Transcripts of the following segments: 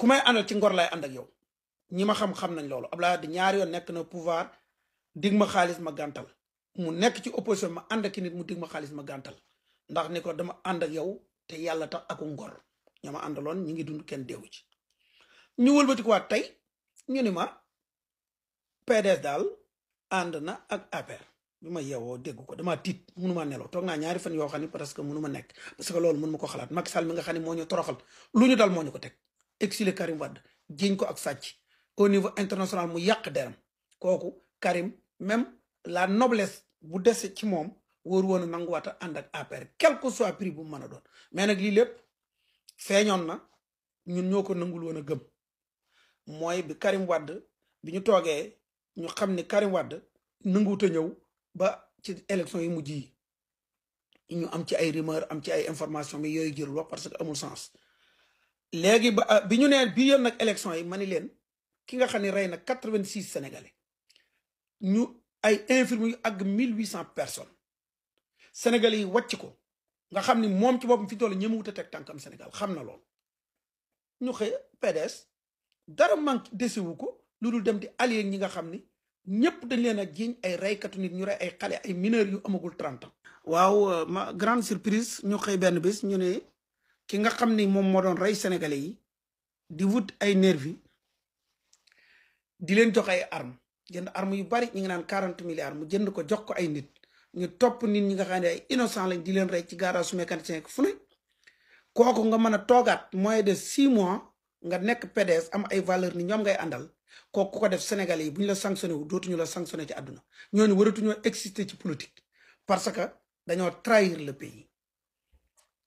ku may àndal ci ngor lay ànd ak yow ñi ma xam-xam nañ loolu Abdoulaye Wade ñaari yoon nekk na pouvoir dig ma xaalis ma gàntal mu nekk ci opposition ma ànd ak mu dig ma xaalis ma gàntal ndax dama ànd yow te yàlla tax aku ngor ña ma àndaloon ñi ngi dund kenn deewu ci ñu wëlbatikuwaat tey ñu ni ma PDS daal ànd na ak APR bi ma yeewoo dégg ko damaa tiit mënuma nelaw toog naa ñaari fan yoo xam ne parce que mënuma nekk parce que loolu mënuma ko xalaat Macky Sall mi nga xam ne moo ñu toroxal lu ñu dal moo ñu ko teg exilé Karim wadd jiñ ko ak sàcc au niveau international mu yàq deram kooku Karim même la noblesse bu dese ci moom wóor woon a nanguwaat a ànd ak APR quel que soit prix bu mu mën a doon mais nag lii lépp feeñoon na ñun ñoo ko nangul woon a gëm mooy bi Karim Wade bi ñu toogee ñu xam ni Karim Wade nanguwut ñëw ba ci élection yi mujj yi ñu am ci ay rumeur am ci ay information mais yooyu jël wax parce que amul sens léegi ba ah, bi ñu nee bi yoon nag élection yi ma ni leen ki nga xam ni rey na quatre-vingt-six sénégalais ñu ay infirmiers yu àgg mille huit cent personnes sénégalais yi wàcc ko nga xam ni moom ci boppam fi toll ñëma wut a teg tànkam Sénégal xam na lool ñu xëy PDS dara manque desewu ko lu dul dem di allié ñi nga xam ni ñëpp dañ leen a jiiñ ay reykatu nit ñu rey ay xale ay mineurs yu amagul trente ans waaw ma grande surprise ñu xëy benn bés ñu ne ki nga xam ni moom moo doon rey sénégalais yi di wut ay nervi di leen jox ay arme jënd arme yu bari ñu ngi naan quarante milliards mu jënd ko jox ko ay nit ñu topp nit ñi nga xam ne ay innocent lañ di leen rey ci garage su mécanicien fu ne kooku nga mën a toogaat moyen de six mois nga nekk PDS am ay valeur ni ñoom ngay àndal kooku ko def sénégalais yi bu ñu la sanctionné wu dootuñu la sanctionné ci àdduna ñooñu waratuñoo exister ci politique parce que dañoo trahir le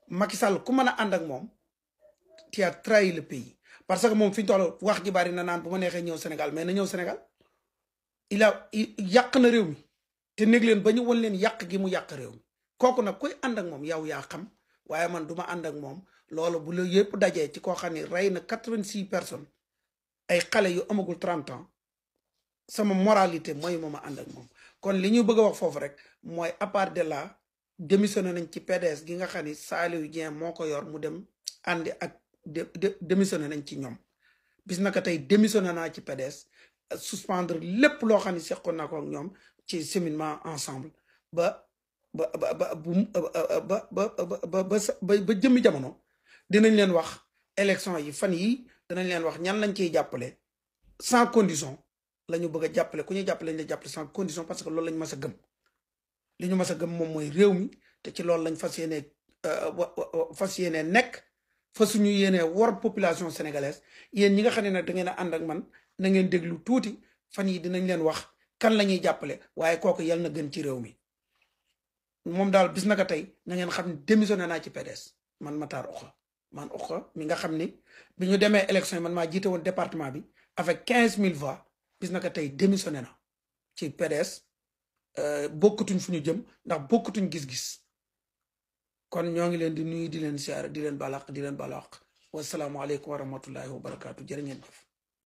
Macky Sall ku mën a ànd ak moom tu as le pays parce que moom fi ñu toll wax ji bari na naan bu ma neexee ñëw Sénégal mais na ñëw Sénégal il a na réew mi te néeg leen ba ñu won leen yàq gi mu yàq réew mi koku nag kuy ànd ak moom yow yaa xam waaye man du ma ànd ak moom loolu bu la yëpp dajee ci koo xam ne rey na quatre-vingt-six personnes ay xale yu amagul trente ans sama moralité mooy moom a ànd ak moom kon li ñu bëgg a wax foofu rek mooy à part de là démissionné nañ ci PDS gi nga xam ni Saliou Dieng moo ko yor mu dem àndi ak démissionné nañ ci ñoom bis naka tey démissionné naa ci PDS suspendre lépp loo xam ne seqoon na ko ñoom ci cheminement ensemble ba ba ba ba ba ba ba jëmmi jamono dinañ leen wax élection yi fan yi danañ leen wax ñan lañ ciy jàppale sans condition la ñu bëgg a jàppale ku ñuy jàppale lañ la jàppale sans condition parce que loolu lañ mas a gëm li ñu mas a gëm moom mooy réew mi te ci loolu lañ fas yéenee euh, fas yéenee nekk fa suñu yéenee war population sénégalaise yéen ñi nga xam ne nag da ngeen a ànd ak man na ngeen déglu tuuti fan yi dinañ leen wax kan la ñuy jàppale waaye kooku yal na gën ci réew mi moom daal bis naka tey na ngeen xam ne naa ci PDS man Matar Oxa man Oxa mi nga xam ni bi ñu demee élection yi man maa jiite woon département bi avec quinze mille voix bis naka tey démissionné na ci PDS Euh, bokkatuñ fu ñu jëm ndax bokkatuñ gis-gis kon ñoo ngi leen di nuyu di leen siyaare di leen balaq di leen balaq wasalaamualeykum wa rahmatullahi wa barakaatu jërë ngeen jëf